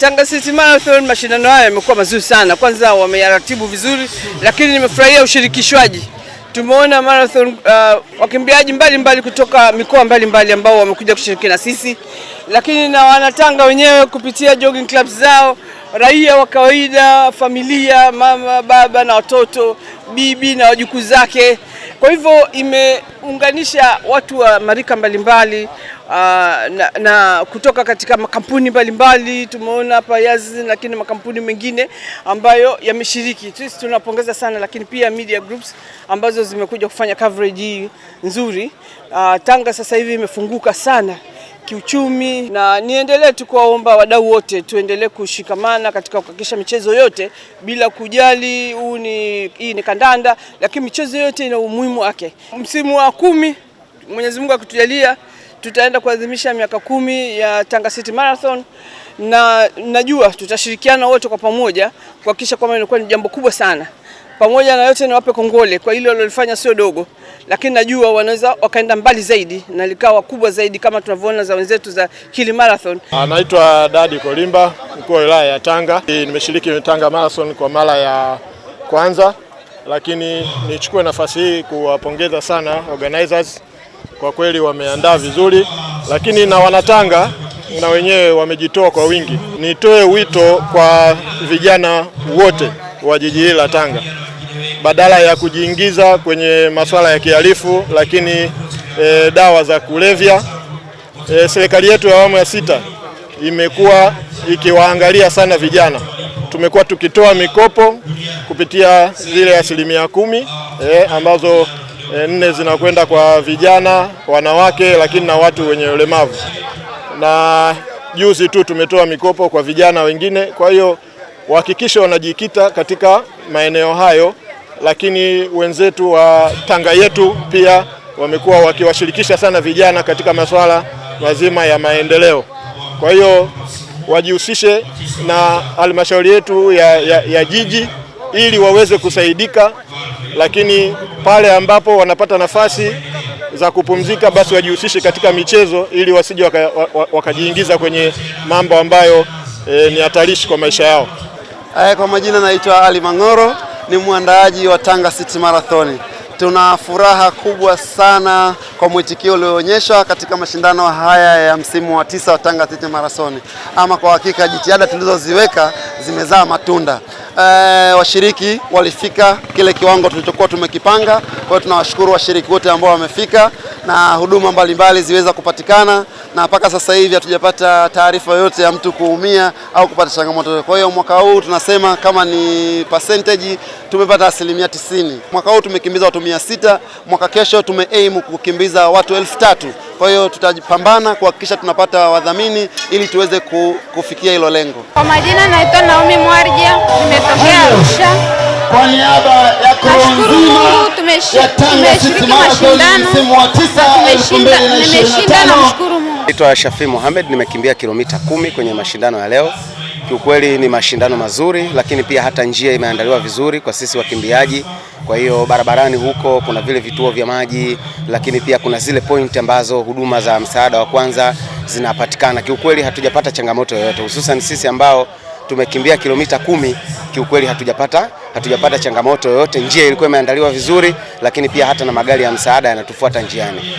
Tanga City Marathon, mashindano haya yamekuwa mazuri sana. Kwanza wameyaratibu vizuri, lakini nimefurahia ushirikishwaji. Tumeona marathon uh, wakimbiaji mbalimbali kutoka mikoa mbalimbali ambao wamekuja kushiriki na sisi, lakini na wanatanga wenyewe kupitia jogging clubs zao, raia wa kawaida, familia, mama, baba na watoto, bibi na wajukuu zake kwa hivyo imeunganisha watu wa marika mbalimbali mbali, uh, na, na kutoka katika makampuni mbalimbali tumeona hapa Yazi, lakini makampuni mengine ambayo yameshiriki, sisi tunapongeza sana, lakini pia media groups ambazo zimekuja kufanya coverage hii nzuri. Uh, Tanga sasa hivi imefunguka sana kiuchumi, na niendelee tu kuwaomba wadau wote tuendelee kushikamana katika kuhakikisha michezo yote bila kujali huu ni hii ni kandanda, lakini michezo yote ina umuhimu wake. Msimu wa kumi, Mwenyezi Mungu akitujalia, tutaenda kuadhimisha miaka kumi ya Tanga City Marathon na najua tutashirikiana wote kwa pamoja kuhakikisha kwamba inakuwa ni jambo kubwa sana. Pamoja na yote niwape kongole kwa ile walilofanya, sio dogo, lakini najua wanaweza wakaenda mbali zaidi na likawa kubwa zaidi, kama tunavyoona za wenzetu za Kili Marathon. Anaitwa Dadi Kolimba, mkuu wa wilaya ya Tanga. Nimeshiriki Tanga Marathon kwa mara ya kwanza, lakini nichukue nafasi hii kuwapongeza sana organizers, kwa kweli wameandaa vizuri, lakini na wanatanga na wenyewe wamejitoa kwa wingi. Nitoe wito kwa vijana wote wa jiji hili la Tanga, badala ya kujiingiza kwenye masuala ya kihalifu, lakini e, dawa za kulevya. E, serikali yetu ya awamu ya sita imekuwa ikiwaangalia sana vijana. Tumekuwa tukitoa mikopo kupitia zile asilimia kumi e, ambazo e, nne zinakwenda kwa vijana, wanawake, lakini na watu wenye ulemavu na juzi tu tumetoa mikopo kwa vijana wengine. Kwa hiyo wahakikishe wanajikita katika maeneo hayo, lakini wenzetu wa Tanga yetu pia wamekuwa wakiwashirikisha sana vijana katika masuala mazima ya maendeleo. Kwa hiyo wajihusishe na halmashauri yetu ya, ya, ya jiji ili waweze kusaidika, lakini pale ambapo wanapata nafasi za kupumzika basi wajihusishe katika michezo ili wasije wakajiingiza waka kwenye mambo ambayo e, ni hatarishi kwa maisha yao. Eh, kwa majina naitwa Ali Mang'oro, ni mwandaaji wa Tanga City Marathon. Tuna furaha kubwa sana kwa mwitikio ulioonyeshwa katika mashindano haya ya msimu wa tisa wa Tanga City Marathon. Ama kwa hakika jitihada tulizoziweka zimezaa matunda. E, washiriki walifika kile kiwango tulichokuwa tumekipanga. Kwa hiyo tunawashukuru washiriki wote ambao wamefika na huduma mbalimbali ziweza kupatikana, na mpaka sasa hivi hatujapata taarifa yoyote ya mtu kuumia au kupata changamoto. Kwa hiyo mwaka huu tunasema kama ni percentage tumepata asilimia tisini. Mwaka huu tumekimbiza watu mia sita, mwaka kesho aim kukimbiza watu elfu tatu. Kwa hiyo tutapambana kuhakikisha tunapata wadhamini ili tuweze kufikia hilo lengo. Kwa majina naitwa Naomi Mwarja, nimetokea Arusha. Kwa niaba ya koro nzima ya Tanga City Marathon msimu wa 9 2025. Naitwa Shafi Mohamed, nimekimbia kilomita kumi kwenye mashindano ya leo. Kiukweli ni mashindano mazuri, lakini pia hata njia imeandaliwa vizuri kwa sisi wakimbiaji. Kwa hiyo barabarani huko kuna vile vituo vya maji, lakini pia kuna zile point ambazo huduma za msaada wa kwanza zinapatikana. Kiukweli hatujapata changamoto yoyote, hususan sisi ambao tumekimbia kilomita kumi, kiukweli hatujapata hatujapata changamoto yoyote. Njia ilikuwa imeandaliwa vizuri, lakini pia hata na magari ya msaada yanatufuata njiani.